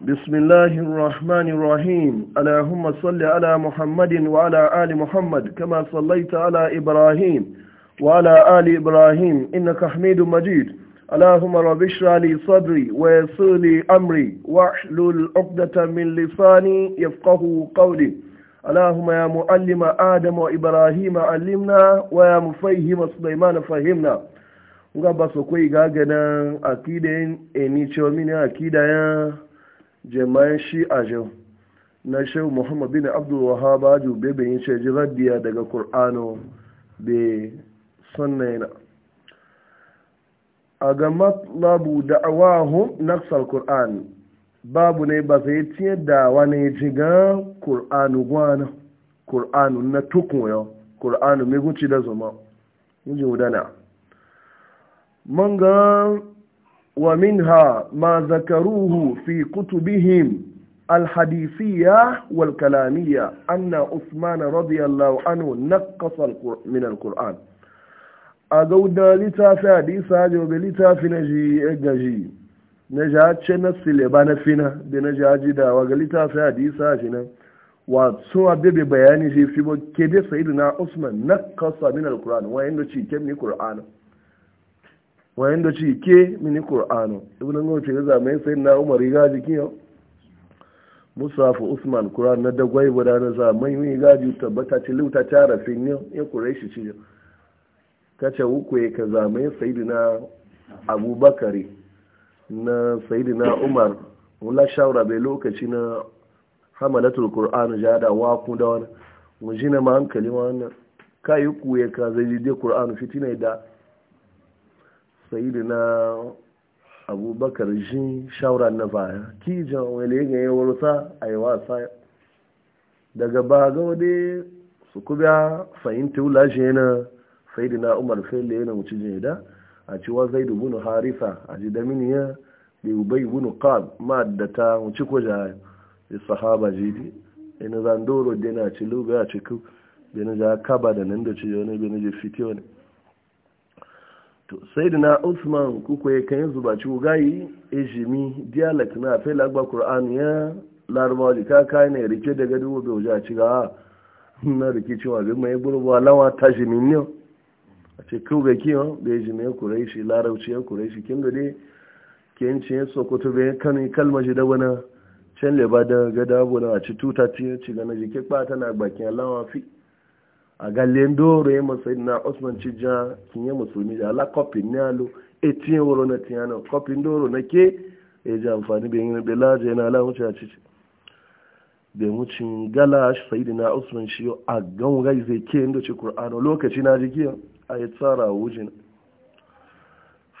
بسم الله الرحمن الرحيم اللهم صل على محمد وعلى آل محمد كما صليت على إبراهيم وعلى آل إبراهيم إنك حميد مجيد اللهم رب اشرح لي صدري ويسر لي أمري واحلل عقدة من لساني يفقه قولي اللهم يا معلم آدم وإبراهيم علمنا ويا مفهم سليمان فهمنا nga ba su kwai gaganan akidayen enicho mini akidayen jama'in shi a jau na shehu muhammad bin abdul wahaba ju bebe yin ji daga qur'ano be sunnaina a ga matlabu da'awahum naqsal qur'an babu ne ba sai tiye da wani jiga qur'anu gwana qur'anu na tukun yo qur'anu me guci da zuma yin judana manga ومنها ما ذكروه في كتبهم الحديثية والكلامية أن عثمان رضي الله عنه نقص من القرآن أقول لتافي حديثة وقلتافي نجي نجي نجات شنس لبانا فينا بنجات جدا وقلتافي حديثة شنا واتسوى بيبي بياني جي في كده سيدنا عثمان نقص من القرآن وإنه شيء كم القرآن wayan da ci ke mini qur'anu ibn ngau ce zamai sai na umar ga jiki yau musafu usman qur'an na dagwai guda na zamai mi ga ji tabbata ci luta ta fin yau ya quraishi ci kace uku ka zamai sayyidina abubakari na na umar wala shawara bai lokaci na hamalatul qur'an jada wa ku da wani mu ji na ma hankali wannan kai ku ya ka zai je qur'an fitina da sayidina abubakar shi shawara na baya jan wale ga yi wurta a yi wasa daga ba ga wade su kubiya fahimta wula shi yana sayidina umar da yana wuce jini da a cewa zai dubu na harisa a ji da yi bai wunu bunu ma da ta wuce ko ja sahaba ji ina zandoro dina ci lubu ya ci ku bena ja kaba da nan da ci wani bena ji fiti wani to sai da na usman kuku ya kan yanzu ba ci gayi ejimi dialect na fela agba qur'an ya larabawa ji ka kayan ya rike daga dubu bai wuce a ci a na rike cewa bai mai burbu alawa ta jimi ne a ce kau ga kiyo oh, da ejimi ya kure shi larabci ya kure shi kin dole kin ce sokoto bai kan kalma shi da wani can leba da gada abu na a ci tuta ci gana ga na jike kpa tana bakin alawa fi a galen doro ya matsayi na osman cija kinye musulmi da ala kofin ne alo etinye wuro na tiyana kopi ndoro na ke e ji amfani bai yin bela je na ala wuce a cici bai wucin gala sai da na osman shi a gan gai zai ke inda ci kur'ano lokaci na jigiya a yi tsara wujin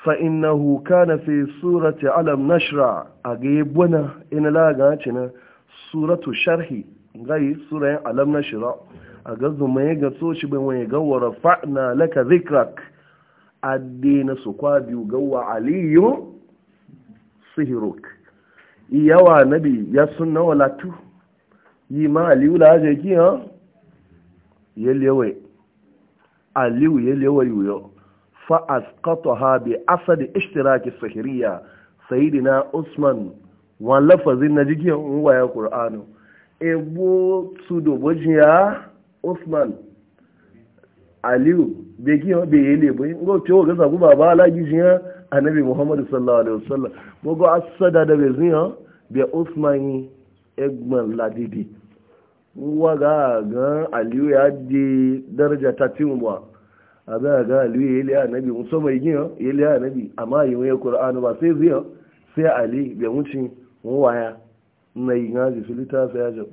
fa huka na fi surati alam nashra a ga yi bwana ina e laga cina suratu sharhi gai surayen alam nashra a gazu mai ga soci bai wani gawara fa'na laka zikrak addina su kwa biyu gawa aliyu sihiruk na nabi ya sunna walatu yi ma aliyu la ki ha yelewe aliyu yelewe yuyo kato ha bi asad ishtiraki sihiriya sayidina usman wani lafazin na jikin waya ƙur'anu. ebo su dubu jiya usman aliyu bai giyan bai yi lebo yin gauce wa gasa guba ba alagi a nabi muhammadu sallallahu alaihi wasallam gbogbo asada da bai ziyan bai usman yi egman ladidi wa ga ga aliyu ya di daraja ta timuwa a ga ga aliyu ya yi liya annabi musamman yi giyan ya liya annabi amma yi wani kur'anu ba sai ziyan sai ali bai wuce wani waya na yi gaji filita sai ya jabu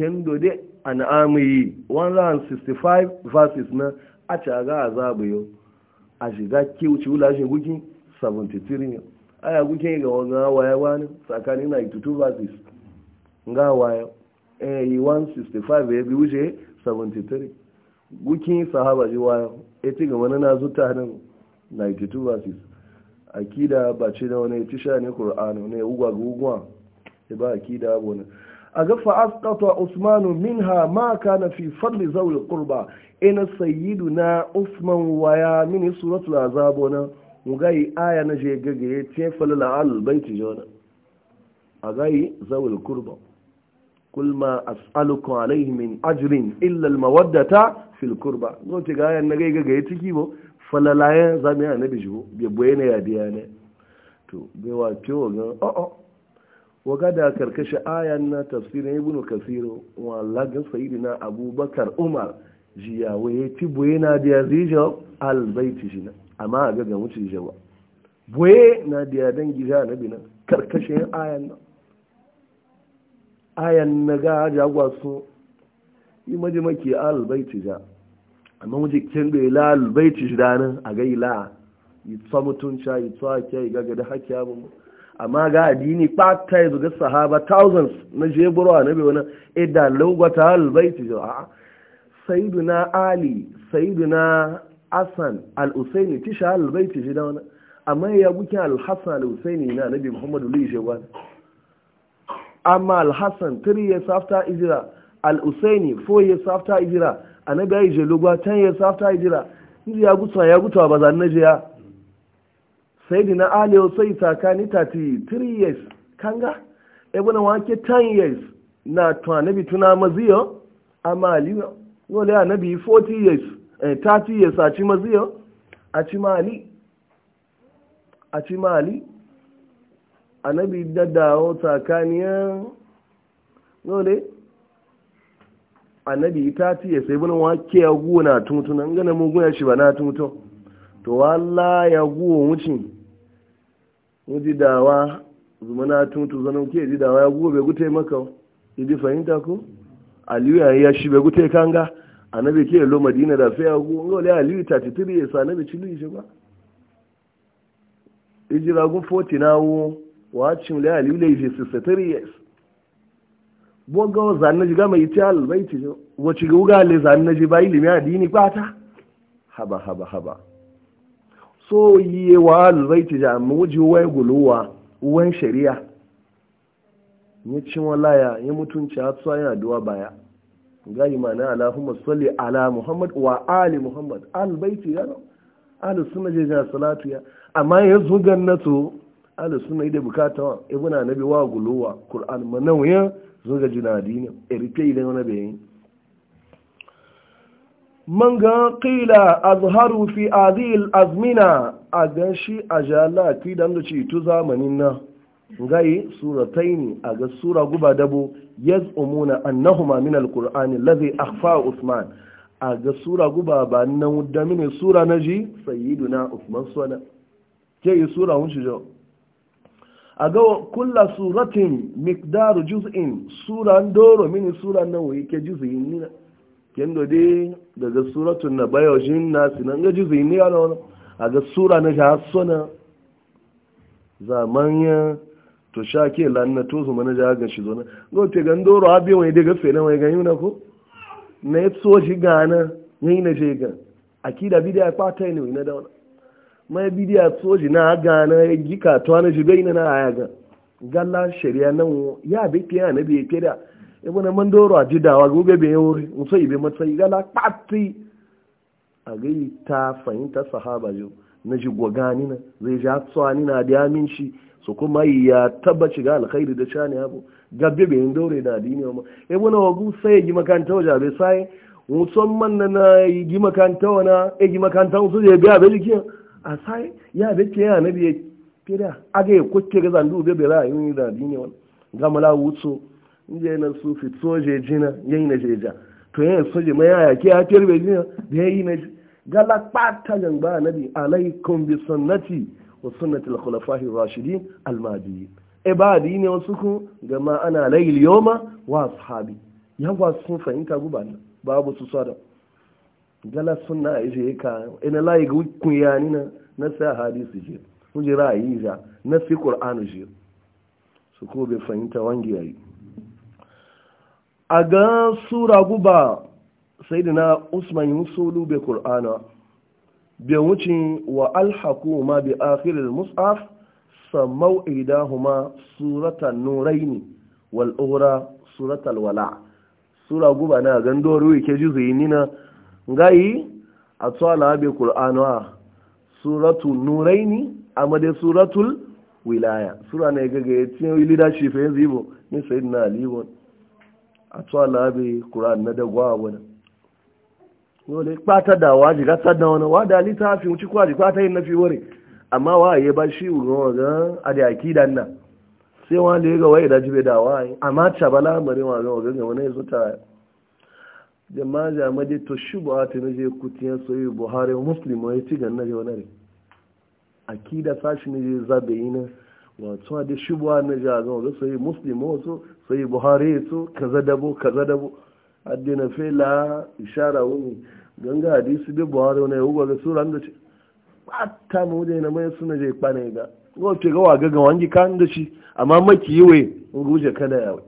kendo dode an amayi 165 verses na a caga azabu yau a shiga kiwuci wulashin gukin 73 ne aya gukin ga wani waya wani tsakanin 92 verses ga waya eh 165 ya bi wuce 73 gukin sahaba ji waya eti ga wani na zuta nan 92 verses akida ba ce da wani tisha ne qur'ani ne ugwa gugwa e, ba akida abu ne a ga fa'asqata usmanu minha ma kana fi fadli zawil qurba ina sayyiduna usman waya min suratul azabona mugai aya na je gage te falala al baiti jona agai zawil qurba kul ma as'alukum alayhi min ajrin illa al mawaddata fil qurba gote ga aya na gage gage tiki bo falala ya zamiya nabi jibo be boye ne ya biya ne to be wa ciwo ga o o wagada karkashi ayan na tafsirin ibn kasir wa lagin sayyidina abubakar umar jiya ya ci boye na dia zijo albayti jina amma ga ga mutu jawa boye na dia dan gija nabi na karkashin ayan na ayan na ga jagwa su yi maji maki albayti ja amma muje kin da la albayti jidana a ga ila yi tsamutunca yi tsake ga ga da hakki abu amma ga addini ɓata ya zuga sahaba thousands na jeburu a nabi wani idan lagwata halbaiti jawa na ali na asan al-usaini tisha albaiti jida wani amma ya bukin al-hassan al-usaini na nabi muhammadu lullu shewa amma al-hassan 3 years after izira al-usaini 4 years after izira a nabi ya yi jelugwa 10 years after izira ya gusa ya gusa ba zan na jiya sai dina aliyo sai tsakani 33 years kanga ebe na wake 10 years na to anabi tuna maziyo amma aliyo wale anabi 40 years eh, 30 years a ci maziyo a ci mali a ci mali anabi daddawo tsakaniyar wale annabi 30 years sai bin wake ya guna tumutu nan gana mu gona shi ba na tumutu to walla ya guwa wucin ji dawa zumana tuntu zanen ke ji dawa ya bai gute maka ji fahimta ko aliyu ya shi bai gute kanga annabi ke lo madina da fa ya nga wale aliyu 33 ya sa annabi cilu shi ba ijira gun 40 nawo wa cin le aliyu le 63 years boga zanen ji gama ita albaiti wacce ga uga le zanna ji ba ilimi adini kwata haba haba haba so yi wa albaiti ja muji wai guluwa uwan shari'a ya ci walaya ya mutunci a tsawa yana duwa baya ga imana alahumma salli ala muhammad wa ali muhammad albaiti ya no ahlus sunna je jana salatu ya amma ya zo gannatu ahlus sunna ida bukata wa ibuna nabi wa guluwa qur'an ya zo ga jinadi ne irke idan wani bayin man ga qila azharu fi azil azmina a gan shi a jala ti dan da ce tu zamanin na gai surataini a ga sura guba dabo yaz'umuna annahuma min alqur'ani allazi akhfa usman a ga sura guba ba nan da mini sura na ji sayyiduna usman sala ke yi sura hun shi jo a ga kullu suratin miqdaru juz'in sura ndoro mini sura nan wai ke juz'in kendo de daga suratun na jin nasi nan gaji zai ne yana wani a ga sura na ga sona ya to sha ke lanna to su mana jaga shi zo na ga te gan doro abi wani daga fena wani gan yuna ko na so shi gana yi na je gan akida bidiya kwata ne wani da wani mai bidiya so shi na gana ya gika to na shi bai na na aya ga galla shari'a nan ya bi fiya na bi da ebe na mandoro a jidawa gobe bai yawuri musu ibe matsayi gala kpati a gai ta fahimta sahaba yau na ji gwagani na zai ja tsani na da yamin shi su kuma ya tabbaci ga alkhairi da shani abu gabbe bai yin daure da adini ma ebe na wagu sai ya gi makanta waje bai sai man na na gi makanta wana ya e gi makanta wasu ya biya bai jikin a sai ya bai ke ya na biya fira ga ya kwakke ga zandu bai bai ra'ayi da adini wani gamala wutsu inda na su soje jina jina yi na je ja to yi soje mai ya ke hatiyar kirbe jina da yi na gala pata gamba annabi alaikum bi sunnati wa sunnati al-khulafa'i ar-rashidin al-mahdiyyin e ba ne wasu ku gama ana layil yoma wa ashabi yawa sun fahimta guba babu su sada gala sunna a ije ka ina layi ga kun yani na na sai hadisi je kun ji ra'ayi ja na sai qur'anu je su ko bai fahimta wangi yayi a ga sura guba sai da na usman yi musulu bai kur'ana, bai wuce wa alhaku ma bi akhirar mus'af samau idahuma suratan nuraini wal'ora wal'ura suratal wala sura guba na gan doru ke ji zai nina gayi a tsala bai suratun nurai nuraini a madai suratul wilaya sura ne gaga ya tiyo leadership yanzu zibo ni sayyidina na a tsawa labe ƙura'an na dagwa wani wani kpata da waji gasar da wani wa da littafi wuce kwaji kpata yin na nafi wani amma wa ya ba shi wurin waga a da yaki dan nan sai wani da ya waye da jibe da waye amma ca ba lamarin waga waga ga wani ya zo ta jama'a jama'a dai to shi ba ta na je kutiyar soyi buhari muslim ya ci gan na je wani ne akida sashi ne je zabe yi na wato da shi ba na je a ga waga soyi muslim wasu sai buhari su kaza dabo kaza dabo addina fela ishara wani ganga hadisi bi buhari wani ugo ga sura da ci batta mu na mai suna je kwanai ga go ce ga waga ga wangi kan da shi amma maki yiwe nguje kada ya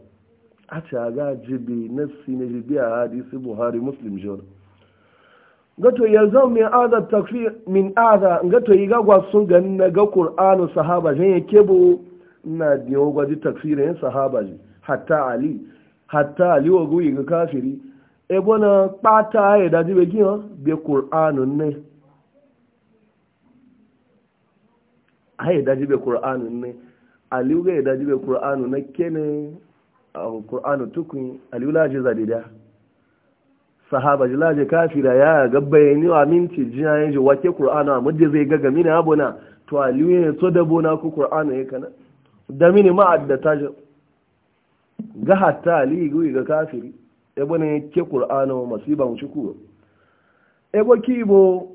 a a ga jibi na ne jibi a hadisi buhari muslim jor gato yanzu min aza tafi min aza gato yi gagwa sun gani na ga kur'anu sahaba zan yake bu na biyo gwaji takfirin sahaba ji hatta ali hatta ali ogu ga kafiri e na pata ya daji jibe be qur'anun ne ai da jibe qur'anun ne ali ga da jibe qur'anun ne kene au qur'anu tukun ali la je zadida sahaba kafira ya ga bayani wa minti jina yaje wake qur'ana mudde zai ga gamina abuna to ali ne so da bona ku yake kana ga hatta aliyu ga kafiri ebe ne ke ƙur'ana masiba mu shukuru ebe kibo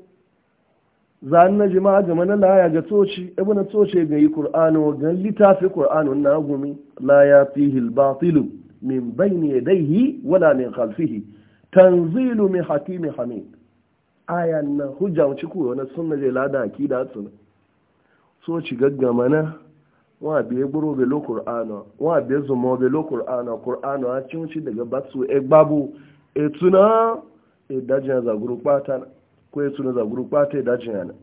zan na jima jama na laya ga toci ebe na toce ga yi ƙur'ana ga littafi ƙur'ana na gumi la ya fihi min bayni yadayhi wala min khalfihi tanzilu min hakimi hamid ayan na hujja mu shukuru na sunna je lada akida sunna so ci gaggama na wa biye gburo be lo qur'ana wa biye zumo be lo qur'ana qur'ana a cin shi daga batsu e gbabu e tuna e dajin za guru pata ko e tuna za guru pata e dajin yana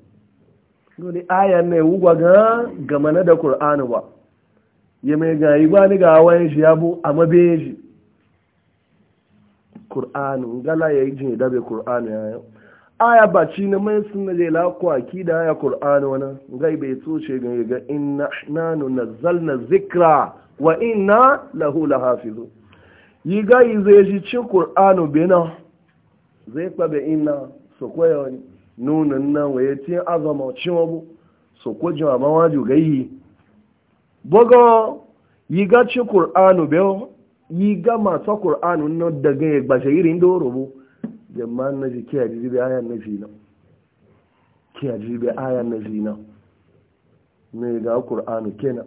dole aya ne wugwa ga gamana da qur'ana ba ya mai ga yi ba ni ga wayan shi ya bu amma be shi gala yayi jin ya yau aya ba ci na mai suna lela lakwa ki da aya qur'ani wani, gai bai tsoce ga ga ina nanu nazzalna zikra wa ina lahu Hafizu. yi gai zai ji cin qur'ani bina zai kwabe su kwaya wani nunan nan waye tin azama ci wabu kwaji ko jama mawaju gai bugo yi ga cin qur'ani be yi ga masu ta qur'ani nan daga ya gbashe irin doro rubu Jamma na ji kiya jiribe aya na zina kiya jiribe aya na zina ne ga Kur'anu kena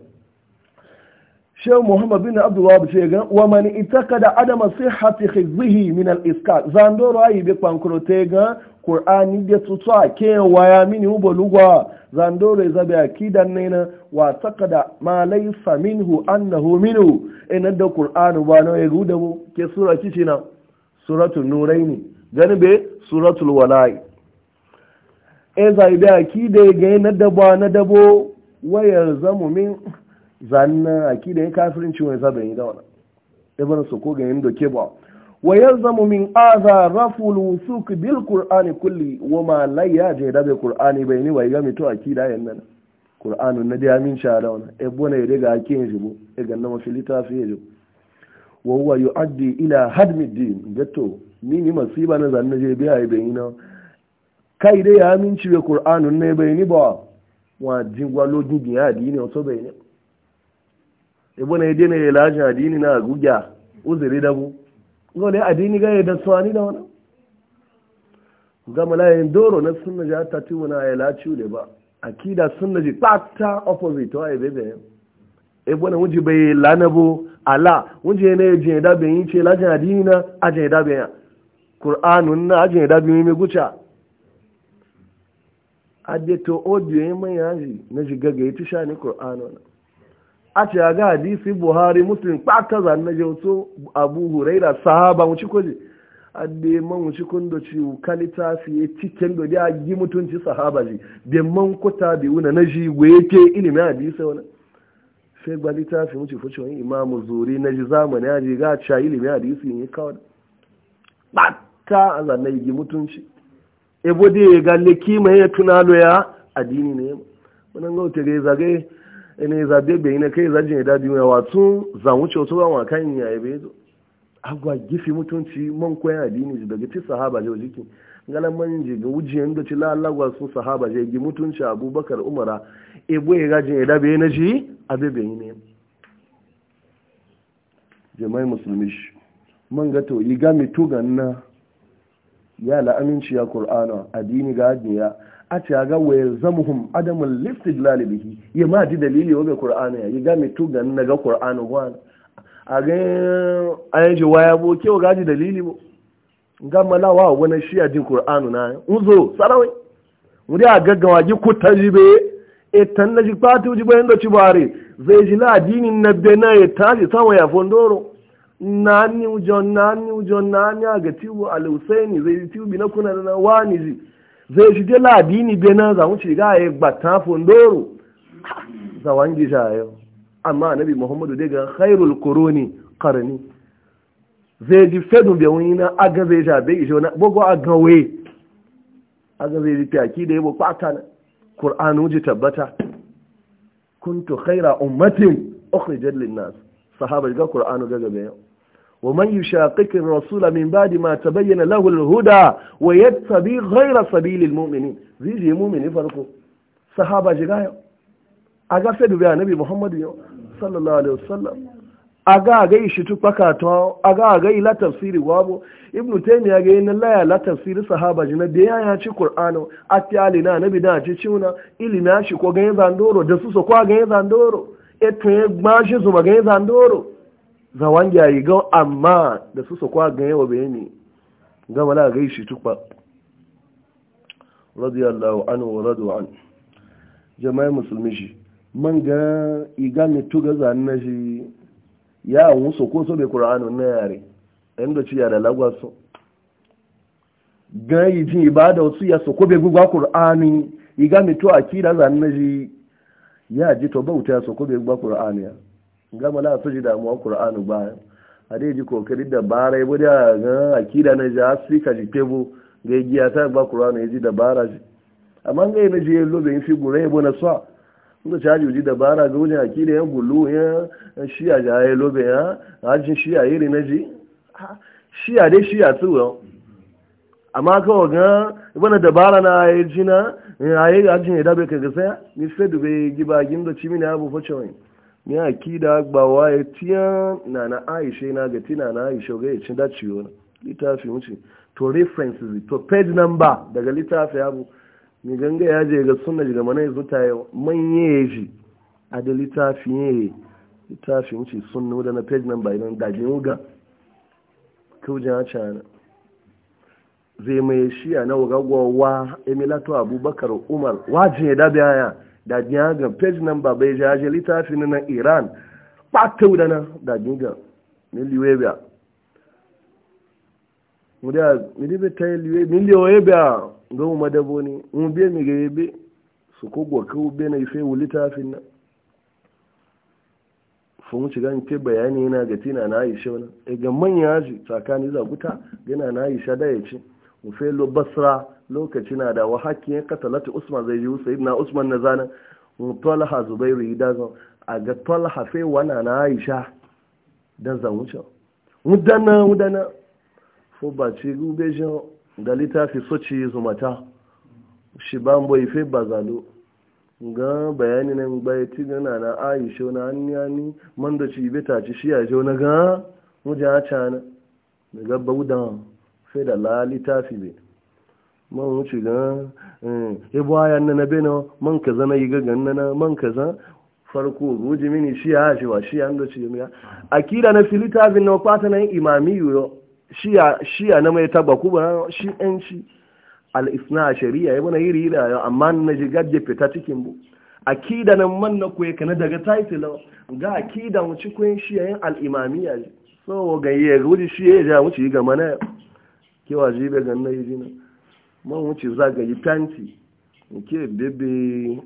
shehu muhammad bin abdullahi ce ga wa man itakada adama sihhati khizhi min al iska zandoro ayi be pankrote ga qur'ani de tutsa ke waya mini ya zandoro izabe e kidan nena wa takada ma laysa minhu annahu minhu inda e qur'anu ba no yegudabu ke sura kicina suratul nuraini gani be suratul walai in za a ki da na dabo na dabo wayar zamu min zanna a ki da ya kafirin ciwon zaba yi da wani ibn su ko gani doke ba wayar zamu min aza raful suk bil qur'ani kulli wa ma la ya je da bai qur'ani bai ni wai gami to a ki da yan nan qur'anun na da min sha da wani E, ne da ga ki shi bo e ga na mafi litafi ya jo wa huwa yu'addi ila hadmi din gato nini masiba na zanna je biya ibe ina kai dai aminci be ciwe qur'anun ne be ni ba wa jingwa lo gigi adini oso be ni bai ne e bona ide ne laji adini na gugya uzuri da bu ngole adini ga da swani da wannan gama layin doro na sunna ja ta tiwo na ya laci le ba akida sunna ji pata opposite wa ibe be e bona wuji bai lanabo ala wuji ne je da be bai yi ce laji adini na aje da be bai ƙur'anun na ajin ya dabi mai guca adeto audio ya mai yaji na ji ga ya tusha ne ƙur'anun a ce buhari muslim ɓata na na jauto abu huraira sahaba mu ci ji. ade man ci kalita fi ya cikin do da mutunci sahaba ji da man kuta wuna na ji wee ke gba litafi ci na zamani ga ilimin ta a zanai gi mutunci ebo da ya galle kima ya tunalo ya adini ne wannan ga wata gai zage ne zabe bai ne kai zaje da biyu ya watu za ba ma kan ya ebe zo agwa gifi mutunci man koyan addini daga ti sahaba je jiki ngalan man ga wujiyan da ci su sahaba je gi mutunci Abubakar Umara ebo ya gaje ji abe bai ne jama'i musulmi man ga to yi ga mitu ganna ya la'aminci ya ƙur'ana addini ga ajiya a ce ya zama hun adamun lifted lalibihi ya ma ji dalili wa ga ƙur'ana ya yi ga mitu ganin na ga ƙur'ana wani a ganin ayan ji waya bo kewa gaji dalili bo ga malawa wani shi a jin ƙur'anu na uzo sarawai wuri a gaggawa ji kuta jibe etan na ji fatu jibe yadda ci bare zai ji na addinin na bena ya e tashi sama ya fondoro nani ujo nani ujo nani aga tiwu alhusaini zai tiwu na kuna na wani zi zai shi dela be na za mu shiga ya e gbata fondoro za wangi jayo amma nabi muhammadu daga khairul quruni qarni zai ji fedu be wani na aga zai sha bai ishe na, bugu aga we aga zai ta ki da yabo kwata na ƙur'anu ji tabbata kuntu khaira ummatin ukhrijat lin nas sahaba ga qur'anu ga ga yau ومن يشاقق الرسول من بعد ما تبين له الهدى ويتبي غير سبيل المؤمنين زيجي مؤمن يفرقوا صحابة جغاية أغا سيدو بيا نبي محمد يو صلى الله عليه وسلم أغا أغي شتو بكاتو أغا أغي لا تفسير وابو ابن تيمية أغي إن الله لا تفسير صحابة جنا ديا ياشي قرآن أتي علينا نبي ناجي تشونا إلي ناشي كو غين زاندورو دسوسو كو غين زاندورو إتوين ماشي زوما غين زاندورو zawan yi ga amma da su sakwa ga yawa bayani ga mala ga shi tukpa radiyallahu anhu wa radu an jama'i musulmi shi man ga iga ne tuga zanna shi ya wun soko so be qur'anu na yare inda ci yare lagwaso ga yi jin ibada su ya soko be gugwa qur'ani iga me to akida zanna shi ya ji to bauta ya soko be gugwa qur'ani ya gama la su ji damuwa qur'anu ba a dai ji kokari da bara ibo da ga akida na ja afrika ji tebo ga giya ta ba qur'anu e ji da bara ji amma ga ne ji lo be fi gure ibo na sa ngo cha ji da bara ga wani akida ya gulu ya shiya ja ya lo be ya ajin shiya iri na ji shiya dai shiya tsuwo amma kawai ga wani dabara na ya ji na ya yi ajin e ya dabe ka ga saya ni sai dube gibagin da cimina abu fa cewa ni akida gbawa ya tiya na na aisha na ga tina na aisha ga ya e cin dace wani littafi wuce to references to page number daga littafi abu ni ganga ya je ga sunna daga mana yanzu ta yau manye ya ji a da littafi ne littafi wuce sunna wadda na page number idan da je wuga kaujin hacha na zai mai shi a na wuga gwawa emilato abubakar umar wajin ya dabe haya da jiya ga page number bai jaje littafin na iran ɓata wudana da jiga miliyoyibiya muda miliyoyi ta yi miliyoyibiya ga mu madabo ne mu biya mi ga yabe su kogwa kawo biya na ife wu littafin na fun shiga ke bayani yana ga tina na aisha wani e ga manya ji tsakani zaguta yana na aisha da ya ce mu fe lo basra lokaci na da wa hakkin ya katalata usman zai yi sayid na usman na zana talha zubairu yi dazan a ga talha fai wana na aisha da zamucin mudana mudana fo ba ci gube shi da littafi soci zumata shi ba mbo ife zalo ga bayani na bai ti gana na aisha na hanniyani manda ci ibe ta ci shi a na ga mujan a cana daga baudan fai da la littafi bai man wuce da eh, ya bu ayan na nabe na man kaza na yiga gan na man kaza farko guji mini shi ya shi wa shi ya ndo ci ya akida na filita bin na kwata na imami yo shi ya shi ya na mai taba ku ba shi en shi al isna shari'a ya bana yiri ila amma na ji gadje fita cikin bu akida na man na kuye kana daga title ga akida mu ci kuyen shi yayin al imamiyya so ga ye guji shi ya wuce mu ci ga mana kewa jibe ganna yi jina man wuce zagayi tanti nke bebe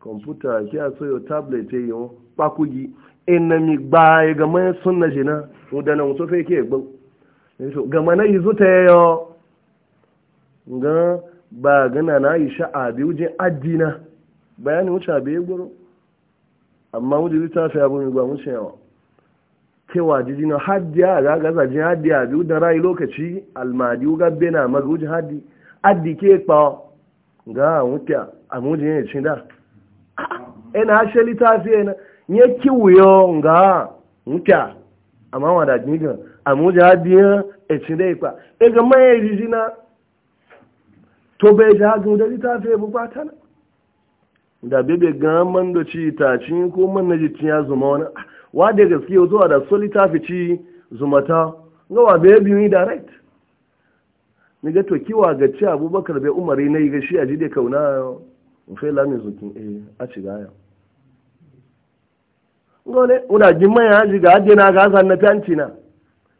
kwamfuta ke a soyo tablet e ya yi kpakugi e ina mi gba ya e gama ya sun na jina wadana wasu fai ke gbau gama na izu ta yayo ga ba gana na yi sha'abi wujin addina bayanin wuce abu ya gburu amma wujin littafi abu mai gba wuce yawa cewa jijina haddiya ga gazajin haddiya biyu da rayu lokaci almadi ga bena maga wujin haddiya adike kpa ga wuta amujin ya cinda ina ashe litafi ina nye kiwuyo nga wuta amma wa da jinigan amujin adiyan ya e cinda ikpa e ega maye rijina to bai ji hajjin da litafi ya bukata na e da bebe ga man chi ta chi ko man na ya zuma wani wa da zuwa da zumata ga wa bebe direct ni ga to kiwa ga ci abubakar bai umari na yi ga shi a ji da kauna fe lamin zukin eh a ci gaya ngole una jimman ya ji ga aje na ga san na tanci na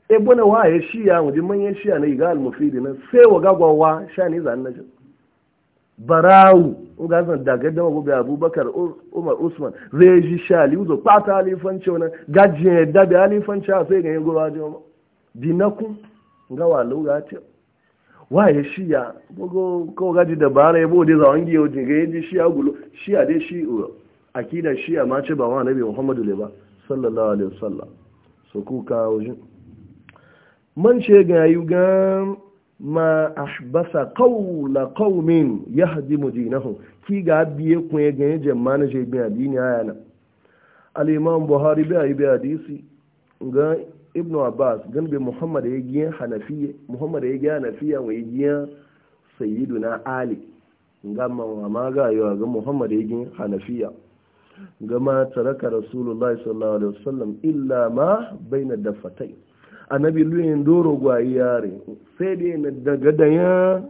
e bona wa ya shi ya mu jimman ya shi ya na ga al mufidi na sai wa ga gwawa sha ne zan na barawu ga san daga da mabu abubakar umar usman zai ji sha li uzo pata alifanci wannan gajin da bi alifanci sai ga yin gurbaje ma dinakun ga walu ga ce waye shiya bugu ko gaji dabara yabo dai zawan giyo je ga yaji shiya gulo shiya dai shi uh, akida shiya ma ce ba wa nabi muhammadu le ba sallallahu alaihi wasallam so ku ka wajin man ce ga yi ga ma ahbasa qawla qaumin yahdimu dinahu ki ga biye kun ya ganye jama'a je bi adini ayana al imam buhari bi hadisi ga ibn abbas Gambe muhammad ya giya hanafiya muhammad ya giya hanafiya wa ya giya sayyiduna ali gama wa ma ga yawa ga muhammad ya giya hanafiya gama taraka rasulullah sallallahu alaihi wasallam illa ma baina dafatai annabi luyin doro gwayi yare sai dai na daga daya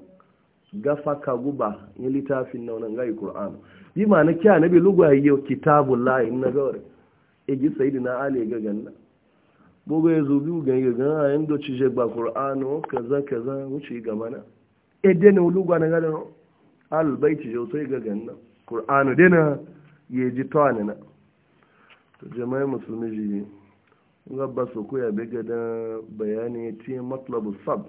gafa ka guba ya littafin na wannan gai qur'an bi ma na kiya annabi lugwayi yau kitabullah in na gaure igi sayyidina ali ga ganna bugu ya zubi ga yi ga yayin da ci je ba qur'ano kaza kaza wuce ga mana e ne uluga na gadan al baiti je sai ga ganna qur'ano dena ye ji tawani na to jama'a musulmi ji ga ba so koya be ga da bayani ti matlabu sab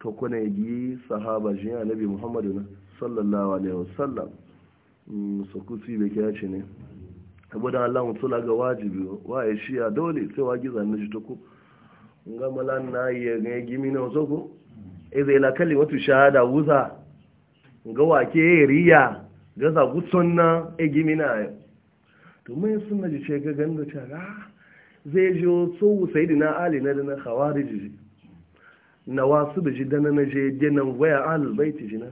to kuna yi sahaba ji annabi muhammadu na sallallahu alaihi wasallam mm, su kusi bai be kiyace ne saboda Allah mutula ga wajibi wa ya shiya dole sai wa giza na jito ko nga malan na ya ga gimi na so ko idza kalli wata shahada wuza nga wa ke riya ga za gutson na e gimi na to mai sunna ji ce ga ganda ta ah, ga zai ji so sayyidina ali na da na khawariji na wasu da jidana na je dinan waya ahlul baiti jina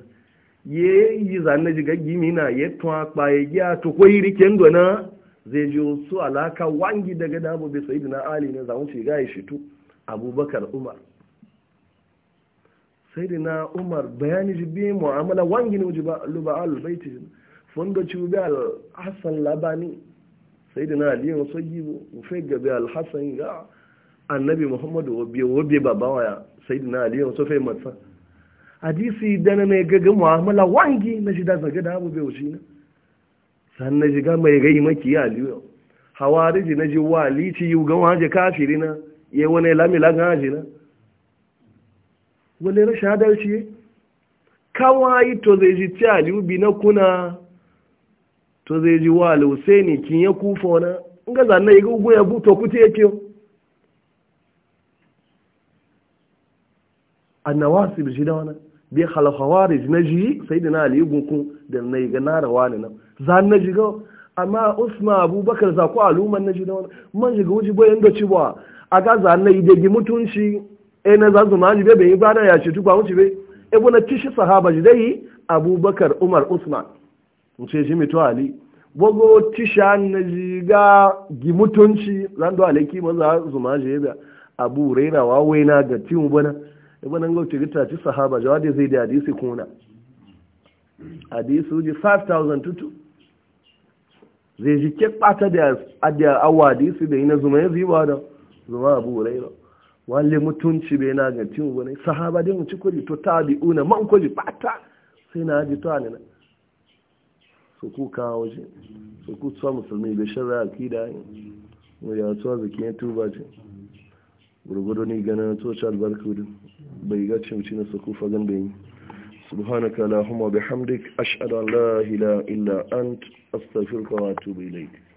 ye yi zanna ji gimi na ye to akpa ye ya to ko rike kendo na zai ji su alaka wangi daga damu bai sayi na ali ne zamu ce gaya shi tu abubakar umar sai da na umar bayani ji biyu mu'amala wangi ne wuji ba luba albaiti fondo ci bi alhassan labani sai da na ali ne so mu ga bi alhassan ga annabi muhammadu wabi wabi babawa ya sai da na ali ne so matsa hadisi dana ne gaga mu'amala wangi na shi da zaga da bai wuce ne san na ji gama ya gai maki ya liyo hawari ji na ji wali ci yi gan waje kafiri na ya wani lami lagan haji na wani rashin adalci kawai to zai ji ci aliyu bi na kuna to zai ji wali husaini kin ya kufa wani in ga zanna ya gugu ya buto kuti ya kiyo bishida shi wani bi halhawarij na ji sai da na ali gunku da na ga na rawa na nan za na ji ga amma usman abubakar za ku aluman na ji da wani man ji ga wuji boye da ci ba a ga za eh, na yi dagi mutunci e na za su ma ji bebe ba da ya ce tuba wuce be e bu na tishi sahaba ji dai abubakar umar usman mu ce ji mito ali bogo tisha na ji ga gi mutunci zan do alaki ma za su ma ji be abu wa waina ga timu bana bwana ngo tigita gita sahaba jawadi zidi hadisi kuna hadisi uji 5000 tutu zai kepata de adya awadi su de ina zuma yazi ziba zuma abu raira wale mutunci be na ga tin wani sahaba din mutu kuli to una man kuli pata sai na ji to anana su ku kawo ce su ku tsawa ne da shari'a akida mu ya tsawa zikin tuba ce gurgudu ne gana toci albarkudu bai ga cimci na su kufa gan bayan subhanaka lahumma bihamdik ashhadu an la ilaha illa ant astaghfiruka wa atubu ilaik